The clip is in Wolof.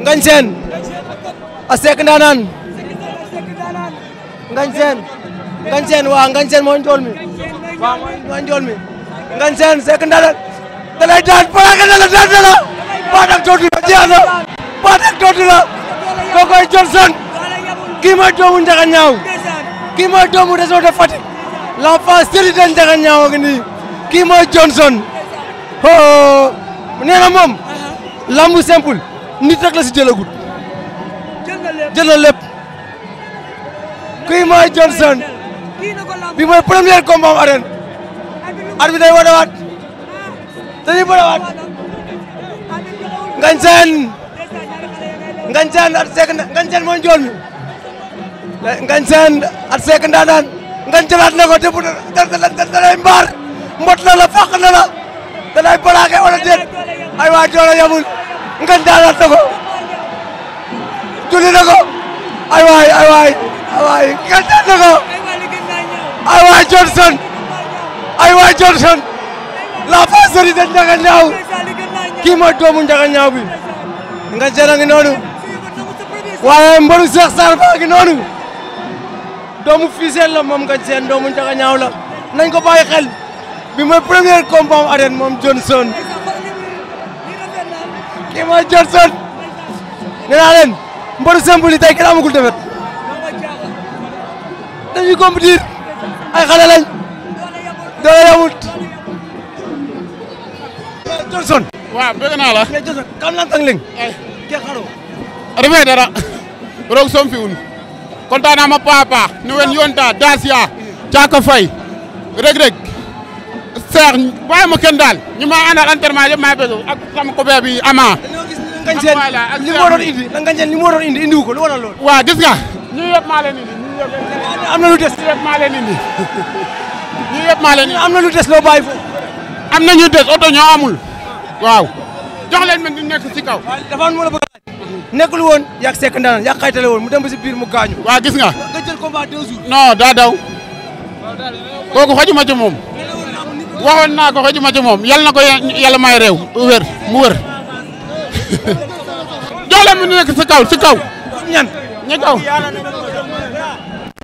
Ngagne Sène a Seck Ndanane Ngagne Sène Ngagne Sène njool mi waaw njool mi Ngagne Sène Seck Ndanane da lay daan plaqué na la daan la baat la jeex na baat la kookoy Johnson kii mooy doomu Ndiakhate-Niaw kii mooy doomu réseau de Fatick l'enfant ngi nii kii mooy Johnson oh moom lambu simple nit rek la si jëlagul. jël na lépp jël na lépp. mooy Johnson. bi mooy premier combat am arène. at bi day wadawaat. dañuy wadawaat. ngañ seen. ngañ seen at seek ngañ seen mooy njool mi. ngañ seen at seek ndaanaan. ngañ jëlaat na ko te bu da lay mbaar. mbot na la fàq na la. da lay balaake wala déet ay waa joola yamul. nga daalaat na ko julli ay waay ay waay ay waay nga ay waay Johnson ay waay Johnson la passerie de Ndiaga Niao kii mooy doomu Ndiaga Niao bi nga jara ngi noonu waaye mbaru Cheikh Sarr baa ngi doomu Fissel la moom nga seen doomu Ndiaga Niao la nañ ko bàyyi xel bi mooy premier combat arène moom Johnson kii mooy Johnson nee naa leen mbaru simple yi tey kenn amagul defet dañuy compétir ay xale lañ doole yamut Johnson waaw bëgg naa Johnson kam lan tang leng ke dara roog soom fi un kontaan naa ma paax a wen yoon daas yaa caaka fay reg reg Sarr bàyyi ma kenn daal ñu ma àndal entraînement ko lu waral loolu. gis nga. ñu yëpp maa leen indi am na lu des. ñu yëpp maa am na lu des loo bàyyi foofu. am na ñu des oto ñoo amul. waaw. jox leen man di nekk ci kaw. dafa am lu la bëgg a laaj. nekkul woon yaa ngi sekk ndaanaan yaa ngi xaytale mu dem ba si biir mu gaañu. waa gis nga. nga jël combat deux jours. non daa waxoon naa ko xëjuma ci moom yal na ko yàlla may réew wér mu wér. jox leen mu nekk si kaw si kaw. ñan ñi kaw.